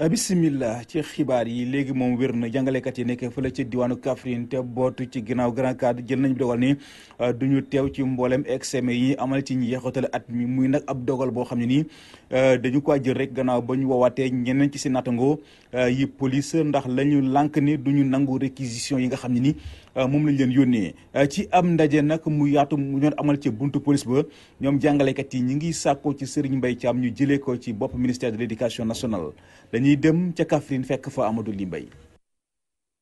Euh, bisimillah ci xibaar yi léegi moom wér na jàngalekat yi nekk fële ci diwaanu Kaffrine te bootu ci ginnaaw grand cadre jël nañu dogal ni euh, du ñu teew ci mboolem examen yi amal ci ñi yeexatale at mi muy nag ab dogal boo xam ne nii euh, dañu ko jël rek gannaaw ba ñu woowaatee ñeneen ci seen natango yi police ndax lañu lank ni du ñu nangu réquisition yi nga xam ne nii Euh, moom lañ leen yónnee euh, ci am ndaje nag mu yaatu mu ñoon amal ci buntu police ba ñoom jàngalekat yi ñu ngi sàkkoo ci Serigne Mbaye Thiam ñu jëlee ko ci bopp ministère de l' nationale dañuy dem ca Kaffrine fekk fa amatul Ly mbay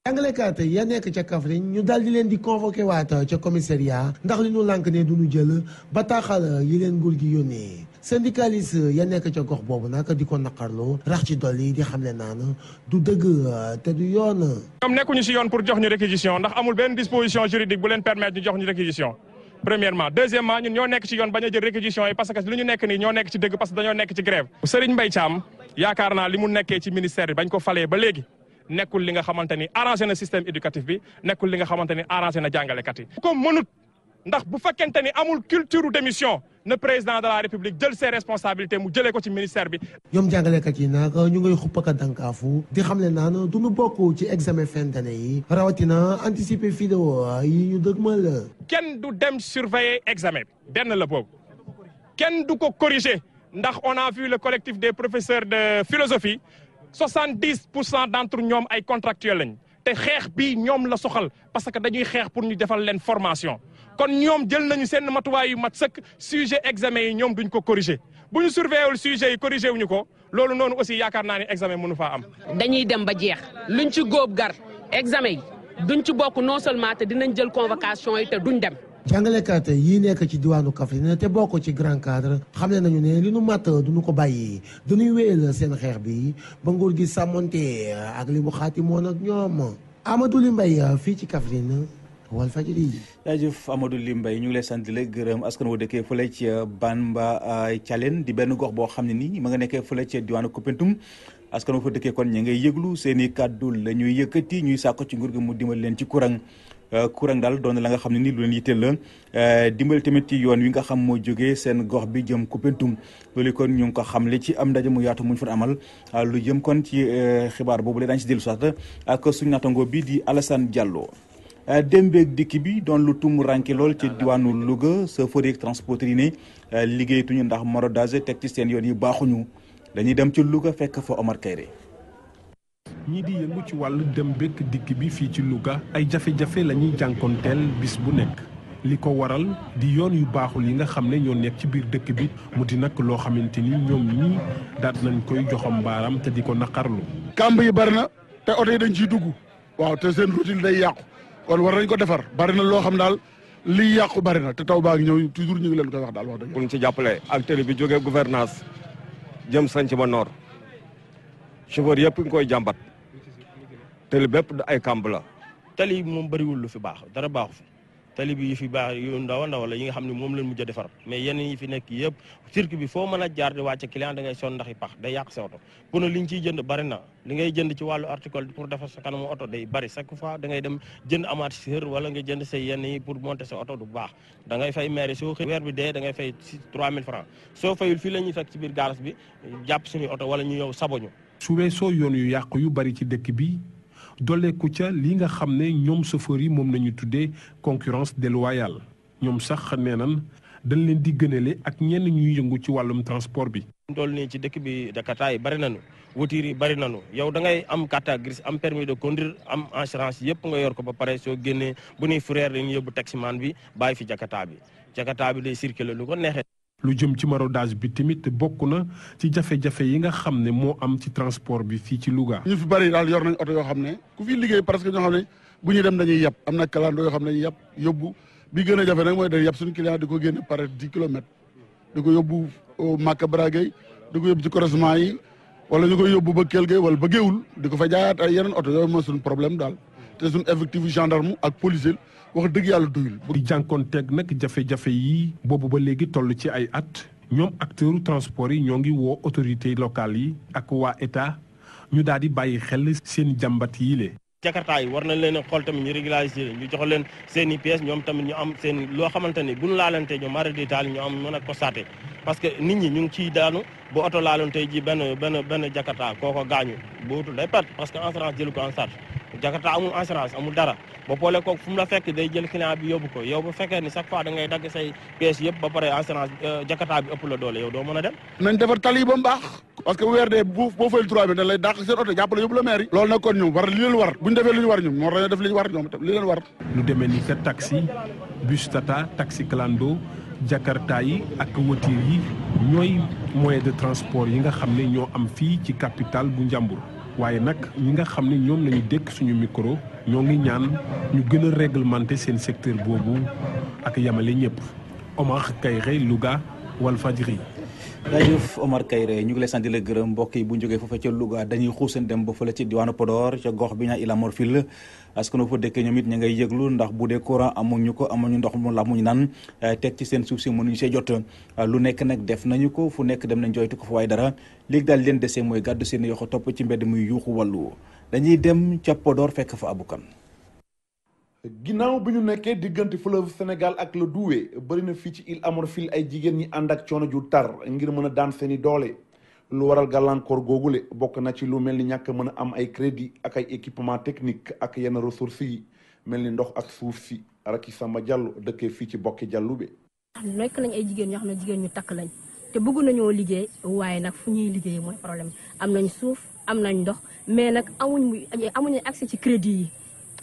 jàngalekat ya nekk ca Kaffrine ñu daal di leen di convoqué waat ca commissariat ndax li ñu lànk ne du ñu jël bataaxal yi leen nguur gi yónnee syndicaliste ya nekk ca gox boobu nag di ko naqarlu rax ci dolli di xam ne naan du dëgg te du yoon. ñoom nekkuñu si yoon pour jox ñu réquisition ndax amul benn disposition juridique bu leen permettre ñu jox ñu réquisition. premièrement deuxièmement ñun ñoo nekk ci yoon bañ a jël réquisition yi parce que lu ñu nekk nii naa li mu nekkee ci ministère bi bañ ko falee ba léegi nekkul li nga xamante ni arrangé na système éducatif bi nekkul li nga xamante ni arrangé na jàngalekat yi. bu ko mënut ndax bu fekkente ni amul culture d'émission na président de la république jël ses responsabilités mu jëlee ko ci ministère bi. yom jàngalekat yi nag ñu ngay xuppaka dankaafu di xam ne naan du nu bokk ci examen fin d'année yi rawatina anticiper vidéo yi ñu dëgmal. kenn du dem surveiller examen bi benn la boobu kenn du ko corriger ndax on a vu le collectif des professeurs de philosophie. 70 pour cent d'entre ñoom ay contractuels lañ te xeex bi ñoom la soxal parce que dañuy xeex pour ñu defal leen formation kon ñoom jël nañu seen matuwaay yu mat sëkk sujet examen yi ñoom duñ ko corriger bu ñu surveillé wul yi corriger wuñu ko loolu noonu aussi yaakaar naa ne examen mënu faa am. dañuy dem ba jeex luñ ci góob gar examen yi duñ ci bokk non seulement te dinañ jël convocation yi te duñ dem. jàngale jàngalekat yi nekk ci diwaanu Kaffrine te bokk ci grand cadre xam ne nañu ne li nu màtt duñu ko bàyyi dañuy wéyal seen xeex bi ba nguur gi sàmmonte ak li mu xaati moon ak ñoom Amadou Ly Mbaye fii ci Kaffrine Walfadjri jaajëf Amadou li Mbaye ñu ngi lay sant la gërëm askan woo dëkkee fu fële ci Banba Thialène di benn gox boo xam ne nii ma nga nekkee fële ci diwaanu Koumpentoum askan woo fa dëkkee kon ñi ngay yëglu seen i kàddu la ñuy yëkkati ñuy sàkko ci nguur gi mu dimbali leen ci courant kurang euh, daal doon la nga xam ne ni lu leen yitteel la euh, dimbali tamit ci yoon wi nga xam moo jógee seen gox bi jëm Koupentoum loolu kon ñu ngi ko xamle ci am ndaje mu yaatu muñ fa amal euh, lu jëm kon ci xibaar boobu la daañu si dellu soit ak suñu nattangoo bi di Alassane Diallo. démbeeg dikki bi doon lu tum ranki lool ci diwaanu Louga sa fërieg transporteur yi ne liggéeyatuñu ndax maraudage teg ci seen yoon yi baaxuñu dañuy dem ci Louga fekk fa Omar Kayre ñii di yëngu ci wàll dem bekk dikk bi fii ci Louga ay jafe-jafe la ñuy jànkoonteel bis bu nekk li ko waral di yoon yu baaxul yi nga xam ne ñoo nekk ci biir dëkk bi mu di nag loo xamante ni ñoom ñii daat nañ koy joxam baaram te di ko naqarlu kàmb yi bari na te oto yi dañ ciy dugg waaw te seen routine day yàqu kon war nañ ko defar bari na loo xam daal liy yàqu bari na te taw baa ngi ñëw toujours ñu ngi leen koy wax daal wax dëgg. bu jàppale ak télé bi jógee gouvernance jëm sanc ba noor chauffeur yëpp nga koy jàmbat tali bépp du ay kamb la. tali moom bëriwul lu fi baax dara baaxu fi tali bi yi fi baax yu ndaw ndaw la yi nga xam ne moom la mujj a defar mais yenn yi fi nekk yëpp circuit bi foo mën a jaar di wàcc client da ngay son ndax i pax day yàq sa oto pour ne li ñu ciy jënd bari na li ngay jënd ci wàllu article pour sa kanamu oto da ngay dem jënd amortisseur wala nga jënd say yenn yi pour monter sa oto du baax da ngay fay maire soo xëy weer bi dee da ngay fay 3000 francs soo fayul fii la ñuy fekk ci biir garage bi jàpp suñuy oto wala ñu yow saboñu su weesoo yoon yu yàq yu bari ci dëkk bi dolleeku ca li nga xam ne ñoom chauffeurs yi moom nañu tuddee concurrence déloyale ñoom sax nee nan dañ leen di gënale ak ñenn ñuy yëngu ci wàllum transport bi. dool nii ci dëkk bi dakata yi bari nañu voiture yi bari nañu yow da ngay am carte grise am permis de conduire am assurance yëpp nga yor ko ba pare soo génnee bu nuy frère dañuy yóbbu taximan bi bàyyi fi jakata bi jakata bi day circuler lu ko neexee. lu jëm ci maraudage bi tamit bokk na ci jafe-jafe yi nga xam ne moo am ci transport bi fii ci Louga. ñu fi bari daal yor nañ oto yoo xam ne ku fi liggéey parce que ñoo xam ne bu ñuy dem dañuy yab am na kalandoo yoo xam ne dañuy yab yóbbu bi gën a jafe nag mooy dañuy yab suñu client di ko génne par dix kilomètres di ko yóbbu Màkka Bragay di ko yóbbu ci croisement yi wala ñu koy yóbbu ba Kell Gueye wala ba Géoul di ko fa jaayaat ay yeneen oto yooyu mooy suñu problème daal te suñu wax dëgg yàlla doyul. di teg nag jafe-jafe yi boobu ba léegi toll ci ay at ñoom acteuru transport yi ñoo ngi woo autorités locales yi ak waa état ñu daal di bàyyi xel seen jàmbat yi le jakarta yi war nañ leen a xool tamit ñu régulariser ñu jox leen seeni i ñoom tamit ñu am seen loo xamante ni bu ñu laalante ñoom arrêt d'état ñu am mën a constaté parce que nit ñi ñu ngi ciy daanu bu oto laalante ji benn benn benn jakarta kooko gaañu bu wutul day perte parce que assurance jëlu ko en Jakarta amul assurance amul dara ba boole kook fu la fekk day jël client bi yóbbu ko yow bu fekkee ni chaque fois da dagg say pièces yëpp ba pare assurance euh, Jakarta bi ëpp la doole yow doo mën a dem. nañ defar tali ba baax parce que bu weer dee bu boo fayul trois bi dañ lay dàq seen oto jàppale yóbbu la maire yi. loolu nag kon ñu war li leen war bu ñu defee lu ñu war ñun moo jakarta yi ak voiture yi ñooy moyen de transport yi nga xam ne ñoo am fii ci capitale bu Njàmbur. waaye nag ñi nga xam ni ñoom lañu dékk suñu micro ñoo ngi ñaan ñu gën a réglementer seen secteur boobu ak yamale ñëpp Omar Kayre Louga Walfadjri jaajëf Omar Kayre ñu ngi lay sant di la gërëm mbokk yi bu ñu jógee foofa ca Louga dañuy xuusan dem ba fële ci diwaanu Podor ca gox bi ñaa Ila Morphil la fa dëkk ñoom it ña ngay yëglu ndax bu dee courant amuñu ko amuñu ndox mu la muñu naan eh, teg ci seen suuf si mënuñu see jot eh, lu nekk nag def nañu ko fu nekk dem nañ jooytu ko fa waaye dara léegi daal leen desee mooy gàddu seen yoxo topp ci mbedd muy yuuxu wàllu dañuy dem ca Podor fekk fa abukan ginnaaw bi ñu nekkee diggante fleuve Sénégal ak le Doué bëri na fii ci Île à fii ay jigéen ñi ànd ak coono ju tar ngir mën a daan seeni doole lu waral gàllankoor googu googule bokk na ci lu mel ni ñàkk mën a am ay crédit ak ay équipement technique ak yenn ressources yi mel ni ndox ak suuf si Racky Samba Diallo dëkkee fii ci bokki Diallo bi. nekk nañ ay jigéen ñoo xam ne jigéen ñu takk lañ te bëggu nañoo liggéey waaye nag fu ñuy liggéey mooy problème am nañ suuf am nañ ndox mais nag amuñ amuñu accès ci crédit yi.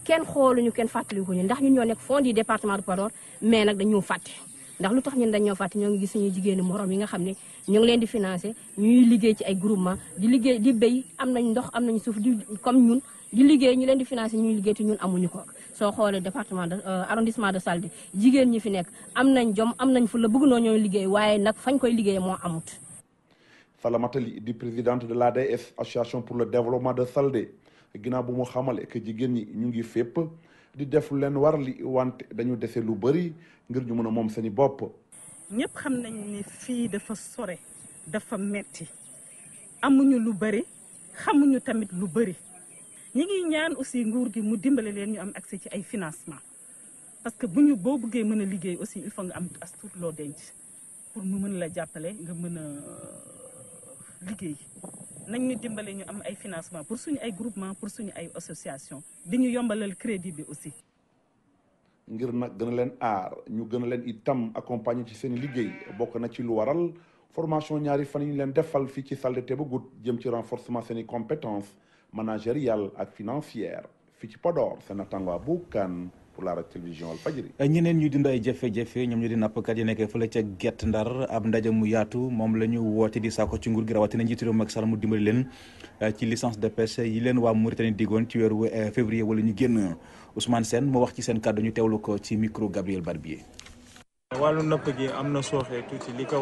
kenn xooluñu kenn fàttaliku ñu ndax ñu ñoo nekk fond du département de Podor mais nag dañoo fàtte ndax lu tax ñun dañoo fàtte ñoo ngi gis suñu jigéenu morom yi nga xam ne ñu ngi leen di financé ñu liggéey ci ay groupement di liggéey di béy am nañ ndox am nañ suuf di ñun di liggéey ñu leen di financé ñuy liggéey te ñun amuñu ko soo xoolee département de euh, arrondissement de Saldé jigéen ñi fi nekk am nañ jom am nañ fu la bëgg noo ñooy liggéey waaye nag fañ koy liggéey moo amut Falamata Ly di présidente de l'ADS association pour le développement de Saldé ginnaaw bu mu xamal ek jigéen ñi ñu ngi fépp di def leen war li wante dañu dese lu bari ngir ñu mën a moom seeni bopp. ñëpp xam nañ ni fii dafa sore dafa metti amuñu lu bëri xamuñu tamit lu bëri ñi ngi ñaan aussi nguur gi mu dimbale leen ñu am accès ci ay financement parce que bu ñu boo bëggee mën a liggéey aussi il nga am as loo denc pour mu mën la jàppale nga mën a euh, liggéey. nañ ñu dimbale ñu am ay financement pour suñu ay groupement pour suñu ay association di ñu yombalal crédit bi aussi. ngir nag gën leen aar ñu gën a leen itam accompagner ci seen liggéey bokk na ci lu waral formation ñaari fan yi ñu leen defal fii ci salle de Tébégout jëm ci renforcement seeni compétences managériales ak financières fii ci podoor seen natango bu kan pour la télévision Walfadjri ñeneen ñuy dund ay jafe-jafe ñoom ñu di nappkat yi nekkee fële ca Guet Ndar ab ndaje mu yaatu moom la ñu woote di saako ci nguur gi rawatina njiitu réew Macky Sall eh, yi leen waa Mauritanie digoon ci weeru eh, ñu génn moo wax ci seen ko ci micro Gabriel Barbier wàllu napp gi am na sooxee tuuti li ko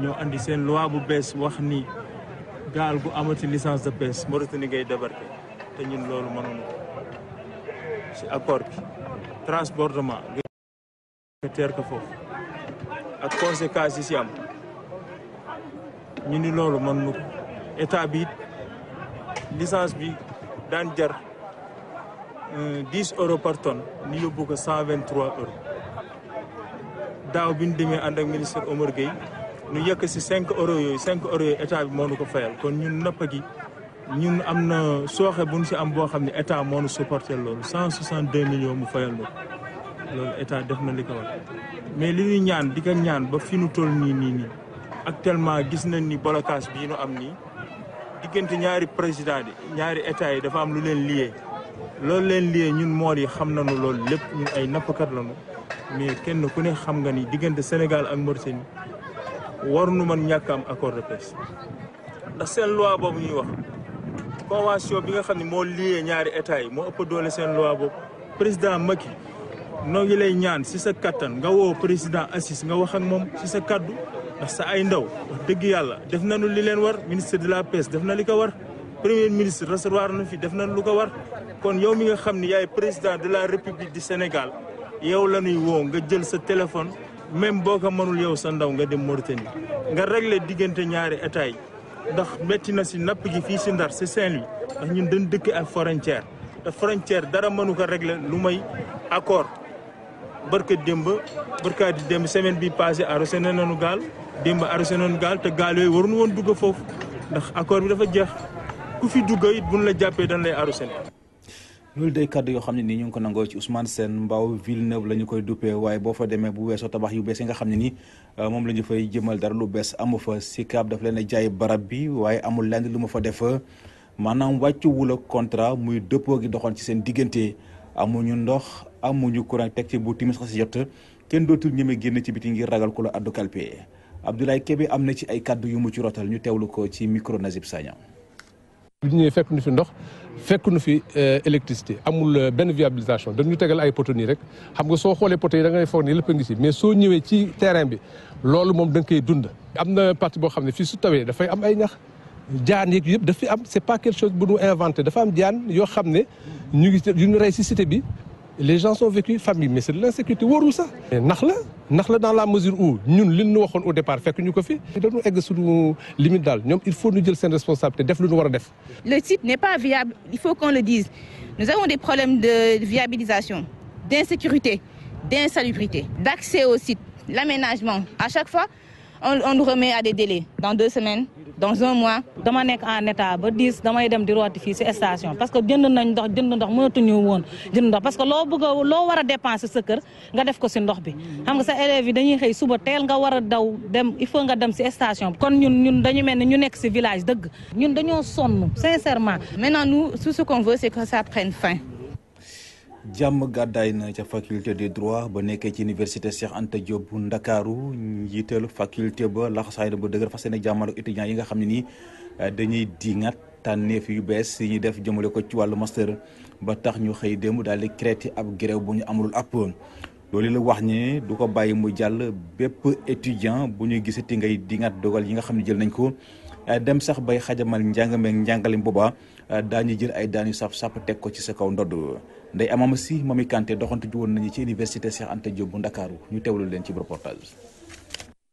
ñoo andi seen loi bu bees wax ni gaal gu amati licence de pêche Mauritanie ngay débarquer te ñun loolu mënuñu ci accord bi transbordement nga teer ko foofu ak conséquence yi ci am ñu ni loolu mënuñu ko état bi licence bi daan jar euh, dix euros par tonne ñu yóbbu ko cent vingt trois euros daaw bi ñu demee ànd ak ministre Omar Gueye ñu yëkk si cinq euro yooyu cinq euro yooyu état bi moo nu ko fayal kon ñun napp gi ñun am na sooxee bu nu si am boo xam ne état moo nu supporté loolu cent soixante deux millions mu fayal na loolu état def na li ko wax mais li ñuy ñaan di ko ñaan ba fi nu toll nii nii nii actuellement gis nañ ni blocage bii nu am nii diggante ñaari président yi ñaari état yi dafa am lu leen liyee loolu leen liyee ñun mool yi xam na nu loolu lépp ñun ay nappkat lañu mais kenn ku ne xam nga ni diggante Sénégal ak Mauritanie war nu man ñàkk am accord de pêche ndax seen loi boobu ñuy wax convention bi nga xam ne moo lié ñaari état yi moo ëpp doole seen loi boobu président Macky noo ngi lay ñaan si sa kattan nga woo président Assis nga wax ak moom si sa kàddu ndax sa ay ndaw wax dëgg yàlla def na nu li leen war ministre de la pêche def na li ko war premier ministre recevoir na fi def na lu ko war kon yow mi nga xam ne yaay président de la république di Sénégal yow la ñuy woo nga jël sa téléphone même boo ko mënul yow sa ndaw nga dem Mauritanie nga régler diggante ñaari état ndax métti na si napp gi fii si Ndar si Saint-Louis ndax ñun dañ dëkk ak frontière te frontière dara mënu ko régler lu may accord barka démb barka di démb semaine bi passé arrosé nañu gaal démb arrosé nañu gaal te gaal yooyu waruñu woon dugg foofu ndax accord bi dafa jeex ku fi dugg it buñ la jàppee dañ lay arrosé loolu day kàddu yoo xam ne ni ñu ngi ko nangoo ci Ousmane Sène Mbaw Villeneuve la ñu koy duppee waaye boo fa demee bu weesoo tabax yu bees nga xam ne ni euh, moom la ñu fay jëmal dara lu bees amu fa Sicap daf leen a jaay barab bi waaye amul lenn lu ma fa def maanaam wàccu wula contrat muy dëppoo gi doxoon ci seen diggante ñu ndox amuñu courant teg ci bu timis xasi jot kenn dootul ñeme génn ci biti ngir ragal ku la addu kalpe Abdoulaye Kébé am na ci ay kàddu yu mu ci rotal ñu teewlu ko ci micro bi ñu ndox. fekk nu fi euh, électricité amul euh, benn viabilisation dañu tegal ay poteaux rek xam nga soo xoolee poteaux yi da ngay foog ni lépp ngi si mais soo ñëwee ci terrain bi loolu moom da nga koy dund. am na partie boo xam ne fii su tawee dafay am ay ñax jaan yëpp daf am c'est pas quelque chose bu nu inventé dafa am jaan yoo xam ne ñu ngi ñu ngi rey si cité bi. les gens sont vécus famille mais c'est l'insécurité wóorul sax nax la nax la dans la mesure où ñun li ñu waxoon au départ fekk ñu ko fi dañu egg suñu limite daal ñoom il faut ñu jël seen responsabilité def lu ñu war def le site n'est pas viable il faut qu'on le dise nous avons des problèmes de viabilisation d'insécurité d'insalubrité d'accès au site l'aménagement à chaque fois on on nous remet délé des délais dans deux semaines dans un mois. dama nekk en état ba dix damay dem di rooti fii si station parce que jënd nañ ndox jënd ndox mënatuñu woon jënd ndox parce que loo bëgg a loo war a dépenser sa kër nga def ko si ndox bi. xam nga sa élèves yi dañuy xëy suba teel nga war a daw dem il faut nga dem si station bi. kon ñun ñun dañu mel ni ñu nekk si village dëgg. ñun dañoo sonn sincèrement. maintenant nous tout ce qu'on veut c'est que ça prenne fin. jàmm gàddaay na ca faculté de droit ba nekkee ci université Cheikh Anta Diop Ndakaaru njiital faculté ba laxasaay na bu dëgër fas yéene jàmmal ak yi nga xam ne nii euh, dañuy diŋat tànneef yu bees yi ñu def jëmale ko ci wàllu master ba tax ñu xëy démb daal di créé ab grève bu ñu amul app loolu la wax ne du ko bàyyi mu jàll bépp étudiant bu ñuy gisati ngay diŋat dogal yi nga xam ne jël nañ ko. Euh, dem sax bay xajamal njàngame njàngalim booba euh, daañu jël ay daanuy yu saf sàpp teg ko ci sa kaw ndodd Ndeye Amama Si Mami Kanté doxantu ju woon nañu ci université Cheikh Anta Diop bu Ndakaaru ñu teewlu leen ci reportage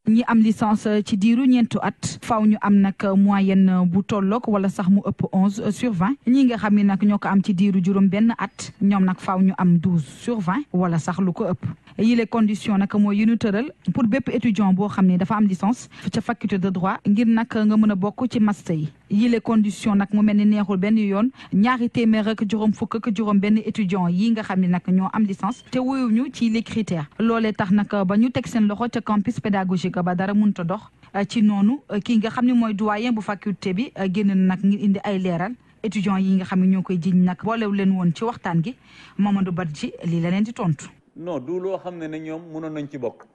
ñi am licence euh, ci diiru ñeentu at faw ñu am nag euh, moyenne euh, bu tolloog wala sax mu ëpp onze sur vingt ñi nga xam ne nag ñoo ko am ci diiru juróom benn at ñoom nag faw ñu am douze sur vingt wala sax lu ko ëpp yile condition nag mooy yu ñu pour bépp étudiant boo xam ne dafa am licence ca faculté de droit ngir nag nga mën a bokk ci master yi yile condition nag mu mel ni neexul benn yoon ñaari téeméer ak juróom fukk ak juróom benn étudiant yi nga xam ne nag ñoo am licence te wuyuñu ci les critères loolee tax nag ba ñu teg seen loxo ca campus pédagogique ba dara mënut a dox ci noonu kii nga xam ne mooy doyen bu faculté bi génn nag ngir indi ay leeral étudiants yi nga xam ne ñoo koy jiñ nag boolewu leen woon ci waxtaan gi Mamadou Badji lii la leen di tontu. non du loo xam ne na ñoom mënoon nañ ci bokk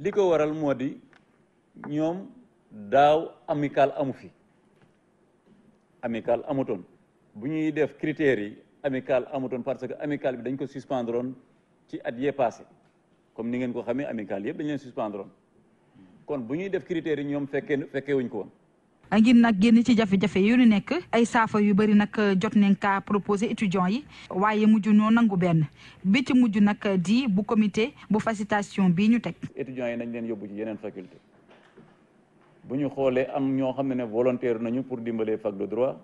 li ko waral moo di ñoom daaw amical amu fi amical amutoon bu ñuy def critères yi amical amutoon parce que amical bi dañ ko suspendre woon ci at yee passé comme ni ngeen ko xamee amical yëpp dañ leen suspendre kon bu ñuy def critères yi ñoom fekkee fekkee wuñ ko woon ngir nag génn ci jafe-jafe yu ni nekk ay saafa yu bëri nag jot nañ kaa proposé étudiants yi waaye mujju ñoo nangu benn bi ci mujj nag di bu comité bu facilitation bii ñu teg étudiants yi nañ leen yóbbu ci yeneen faculté bu ñu xoolee am ñoo xam ne volontaire nañu pour dimbalee fac de droit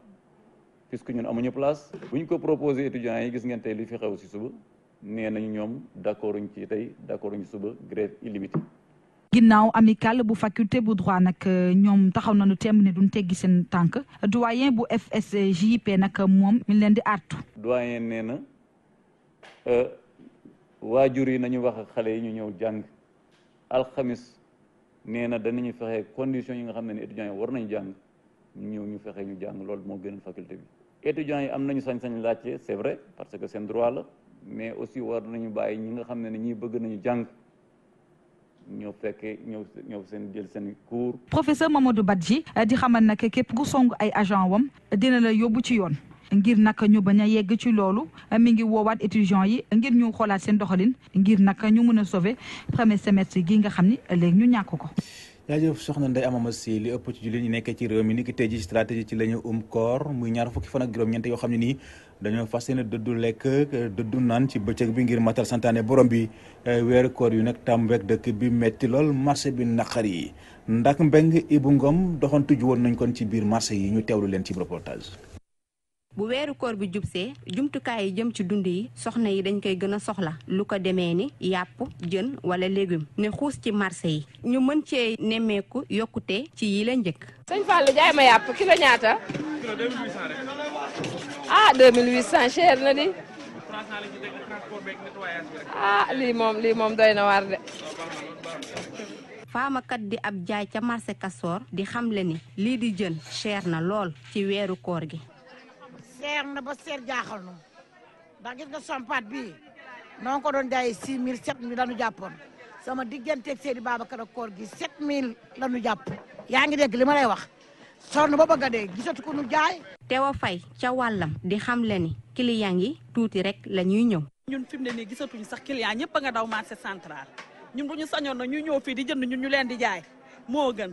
puisque ñun amuñu place bu ñu ko proposé étudiants yi gis ngeen tey li fi xew si suba nee nañu ñoom d'accorduñ ci tey d'accorduñ ci suba grève illimitée ginnaaw amical bu faculté bu droit nag ñoom taxaw na nañu temm ne duñ teggi seen tànk doyen bu FSJP nag moom mi leen di artu doyen nee na euh, waajur yi nañu wax xale yi ñu ñëw jàng alxamis nee na danañu fexe conditions yi nga xam ne ni étudiants yi war nañu jàng ñëw ñu fexe ñu jàng loolu moo gën faculté bi étudiants yi am nañu sañ-sañ laajte c'est vrai parce que seen droit la mais aussi war nañu bàyyi ñi nga xam ne ne ñii bëgg nañu jàng ñoo fekkee ñëw ñoo seen jël seen cours. professeur Mamadou ji di xamal nag képp ku song ay agent wam dina la yóbbu ci yoon. ngir naka ñu bañ a yegg ci loolu mi ngi woowaat étudiants yi ngir ñu xoolaat seen doxalin ngir naka ñu mën a sauver premier semestre gi nga xam ni léegi ñu ñàkk ko. jaajëf soxna Ndeye Amama Si li ëpp ci jullit ñi nekkee ci réew mi ni ki tey ji stratégie ci lañu ñu um koor muy ñaar fukki fan ak juróom-ñeent yoo xam ne nii dañoo fas yéene dëddu lekk dëddu naan ci bëccëg bi ngir matal santaane borom bi eh, weeru koor yu nag tàmbeek dëkk bi metti lool marché bi naqar yi ndax mbeng Ibu Ngom doxantu ju woon nañ kon ci biir marché yi ñu teewlu leen ci reportage bu weeru koor bi jubsee jumtukaay yi jëm ci dund yi soxna yi dañ koy gën a soxla lu ko demee ni yàpp jën wala légume ne xuus ci marché yi ñu mën cee nemmeeku yokkute ci yi la njëkk sëñ Fallou jaay ma yàpp kilo ñaata ah na di ah lii moom lii moom doy na waar de faamakat di ab jaay ca marché Castor di xamle ni lii di jën cher na lool ci weeru koor gi seer na ba seer jaaxal nu ndax gis nga sompat bi noo ngi ko doon jaayee 6 000 7 000 la jàpp jàppoon sama digganteeg Seydi Babacar ak koor gi 7 000 la ñu jàpp yaa ngi dégg li ma lay wax sonn ba bëgg a dee gisatu ko nu jaay. Tewa Faye ca wàllam di xam le ni client yi tuuti rek la ñuy ñëw. ñun fi mu ne nii gisatuñu sax client ñëpp nga daw marché central ñun bu ñu sañoon na ñu ñëw fii di jënd ñun ñu leen di jaay moo gën.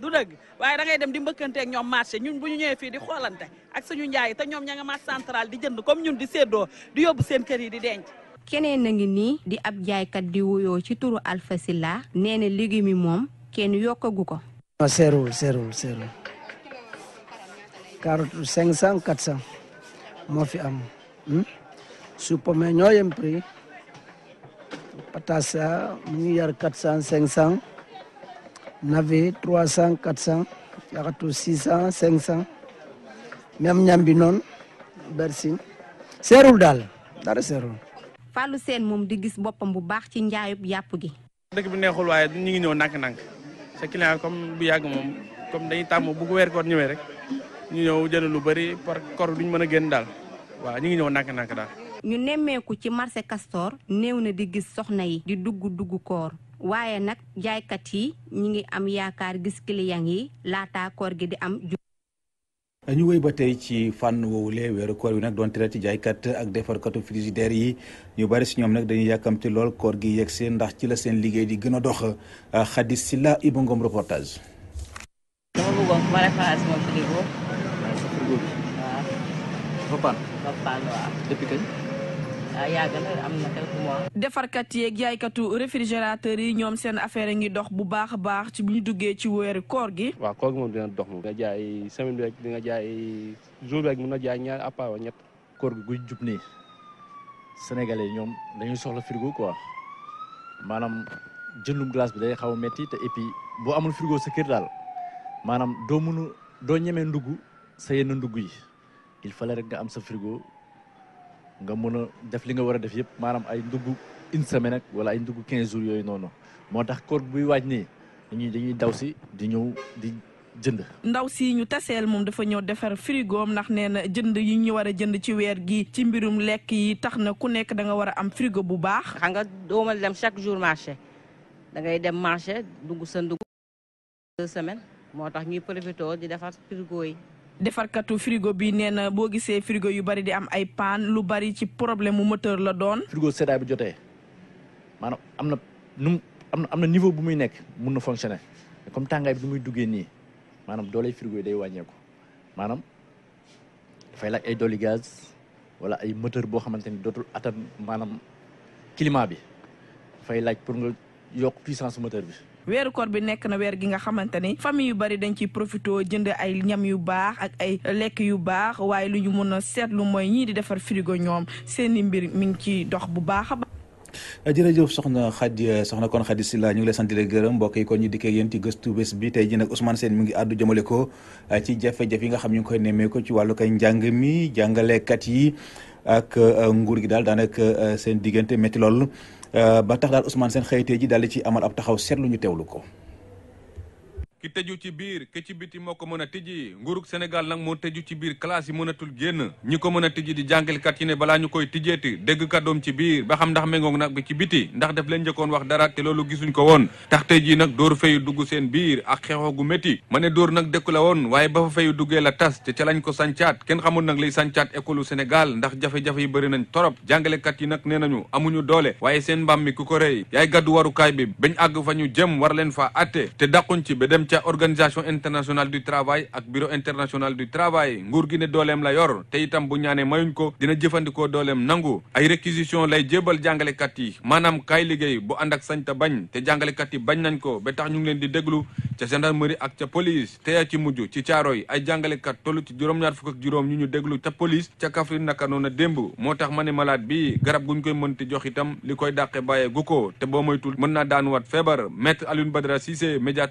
du dëgg waaye da ngay dem di mbëkkanteeg ñoom marché ñun bu ñu ñëwee fii di xoolante ak suñu njaay te ñoom ña nga marché central di jënd comme ñun di séddoo di yóbbu seen kër yi di denc. keneen a ngi nii di ab jaaykat di wuyoo ci turu Alfasila nee na légumes yi moom kenn yokkagu ko. non seerul seerul seerul carotte cinq cent quatre cent moo fi am hmm? su pomme ñoo yem prix patasa ah, mu ngi yar quatre cent cinq cent. navet 300 400 yakatu 600 500 même ñambi noonu bersin seerul daal dara seerul Fallou Sène moom di gis boppam bu baax ci njaayub yàpp gi dëkk bi neexul waaye di ñu ngi ñëw nànk-nànk sa client comme bu yàgg moom comme dañuy tàmm bu ko weer koor ñëwee rek ñu ñëw jënd lu bëri par kor ñu mën a génn daal waaw ñu ngi ñëw nànk-nànk daal ñu nemmeeku ci marché Castor néew na di gis soxna yi di dugg dugg koor waaye nag jaaykat yi ñi ngi am yaakaar gis client yi laata koor gi di am ñu woy ba tey ci fànn woowu weeru koor bi nag doon tere ci jaaykat ak defarkatu frigidaire yi ñu bari si ñoom nag dañuy yàkkamti lool koor gi yegg seen ndax ci la seen liggéey di gën a dox xadis si la Iba reportage yàgg na am na defarkat yeeg jaaykatu réfrigérateur yi ñoom seen affaire ngi dox bu baax a baax ci bu ñu duggee ci weeru koor gi. waa koor gi moom dina dox moom. nga jaay semaine rek di nga jaay jour bi mun na jaay ñaar appart wa ñett. koor gi guy jub nii sénégalais ñoom dañuy soxla frigo quoi maanaam jëndum glace bi day xaw a métti te et boo amul frigo sa kër daal maanaam doo mënu doo ñemee ndugg sa yenn ndugg yi il fallait rek nga am sa frigo nga mën a def li nga war a def yëpp maanaam ay ndugg une semaine ak wala ay ndugg quinze jours yooyu noonu moo tax koor buy waaj nii dañuy dañuy daw si di ñëw di jënd ndaw si ñu taseel moom dafa ñëw defar frigoom ndax nee na jënd yi ñu war a jënd ci weer gi ci mbirum lekk yi tax na ku nekk da nga war a am frigo bu baax xam doomal dem chaque jour marché da ngay dem marché dugg sa ndugg deux moo tax ñuy defarkatu frigo bi nee na boo gisee frigo yu bari di am ay paan lu bari ci problème mu moteur la doon. frigo seddaay bu jotee maanaam am na nu am na niveau bu muy nekk mun na fonctionner comme tàngaay bi du muy duggee nii maanaam dooley frigo yi day wàññeeku maanaam fay laaj ay dooli gaz wala ay moteur boo xamante ni dootul attan maanaam climat bi fay laaj pour nga yokk puissance moteur bi. weeru koor bi nekk na weer gi nga xamante ni famille yu bari dañ ciy profito jënd ay ñam yu baax ak ay lekk yu baax waaye lu ñu mën a seetlu mooy ñii di defar frigo ñoom seeni mbir mi ngi ciy dox bu baax a baax jërëjëf soxna Xadi soxna kon Xadi Silla ñu ngi lay sant di la gërëm mbokk yi kon ñu dikkee yéen ci gëstu bi tey ji nag Ousmane Sène mi ngi àddu jëmale ko eh, ci jafe yi nga xam ñu koy nemmee ci wàllu kay njàng mi jàngalekat yi ak eh, nguur gi daal daanaka eh, seen diggante métti lool ba tax daal Ousmane Sène xëyitee ji daal di ci amal ab taxaw seetlu ñu teewlu ko. ki tëju ci biir ki ci biti moo ko mën a tijji nguurug Sénégal nag moo tëju ci biir classe yi mënatul génn ñi ko mën a tijji di jàngalekat yi ne balaa ñu koy tijjeeti dégg kàddoom ci biir ba xam ndax méngoog nag bi ci biti ndax def leen njëkkoon wax dara te loolu gisuñ ko woon tax tey jii nag dóor fayu dugg seen biir ak xeexoo gu métti ma ne dóor nag dëkku la woon waaye ba fa fayu duggee la tas te ca lañ ko sàncaat kenn xamul nag liy sàncaat école Sénégal ndax jafe-jafe yi bëri nañ torop jàngalekat yi nag nee nañu amuñu doole waaye seen mbaam mi ku ko rëy yaay gàddu bi bañ àgg fa ñu jëm war leen fa atte te dàquñ ci ba dem ca organisation internationale du travail ak bureau international du travail nguur gi ne dooleem la yor te itam bu ñaanee mayuñ ko dina jëfandikoo dooleem nangu ay réquisition lay jébal jàngalekat yi maanaam kay liggéey bu ànd ak sañ bañ te jàngalekat yi bañ nañ ko ba tax ñu ngi leen di déglu ca gendarmerie ak ca police te ci mujj ci caaro yi ay jàngalekat tollu ci juróom-ñaar fukk juróom ñu ñu déglu ca police ca Kaffrine naka noonu démb moo tax ma ne malade bi garab guñ koy mënti jox itam li koy dàqe bàyyee gu ko te boo moytul mën naa daanuwaat feebar maître Alioune Badara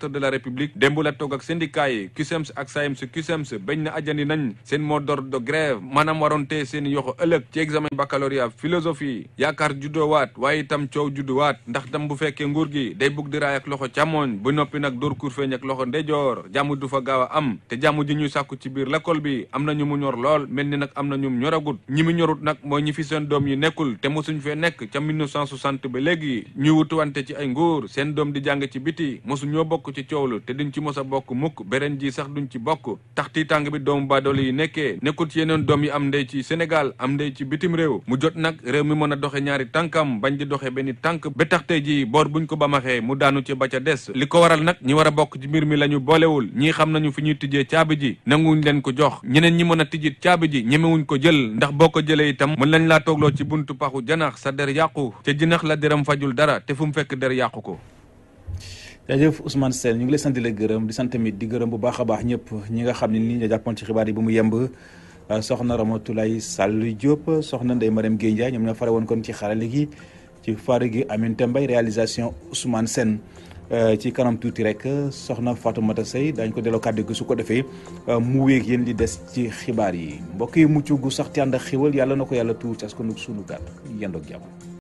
de la république démb la toog ak syndicat yi CUSEMS ak SAEMS CUSEMS bañ na ajandi nañ seen mot d'ordre de grève maanaam waroon tee seen yoxo ëllëg ci examen baccalauréat philosophie yaakaar juddowaat waaye itam coow juddowaat ndax tam bu fekkee nguur gi day bugg di raay ak loxo càmmoñ bu noppi nag dóor kurfeeñ ak loxo ndeyjoor jàmm du fa gaaw a am te jàmm ji ñuy sàkku ci biir l'école bi am na ñu mu ñor lool mel ni nag am na ñu mu ñoragut ñi mu ñorut nag mooy ñi fi seen doom yi nekkul te mosuñ fee nekk ca 1960 ba léegi ñuy wutuwante ci ay seen doom di jàng ci biti mosu ñoo ci coow te duñ ci mos a bokk mukk beneen ji sax duñu ci bokk tax tiitàng bi doomu baadoolo yi nekkee nekkul ci yeneen doom yi am ndey ci Sénégal am ndey ci bitim réew mu jot nag réew mi mën a doxe ñaari tànkam bañ di doxe benn tànk be tax tey jii boor buñ ko bamaxee mu daanu ci ba ca des li ko waral nag ñi war a bokk ci mbir mi la ñu boolewul ñii xam nañu fi ñuy tijjee caabi ji nanguwuñ leen ko jox ñeneen ñi mën a tijjit caabi ji ñemewuñ ko jël ndax boo ko jële itam mën lañ laa toogloo ci buntu paxu janax sa der yàqu ca jinax la deram fajul dara te fu mu fekk der yàqu ko jaajëf Ousmane Sène ñu ngi lay sant di la gërëm di sant di gërëm bu baax a baax ñi nga xam ne nii ñu jàppoon ci xibaar yi ba mu yemb ah, soxna Ramatoulaye Sall Diop soxna Ndeye Mariam Guèye ñoom ñoo fare woon kon ci xarale gi ci fare gi Aminata Mbaye réalisation Ousmane Sène ah, ci kanam tuuti rek soxna Fatoumata Sey dañ ko delloo kàddu gi su ko defee ah, mu wéeg yéen di des ci xibaar yi mbokk yi mucc gu sax te ànd ak xéwal yàlla na ko yàlla tuur ci askan wi sunu gàtt yendoog jàmm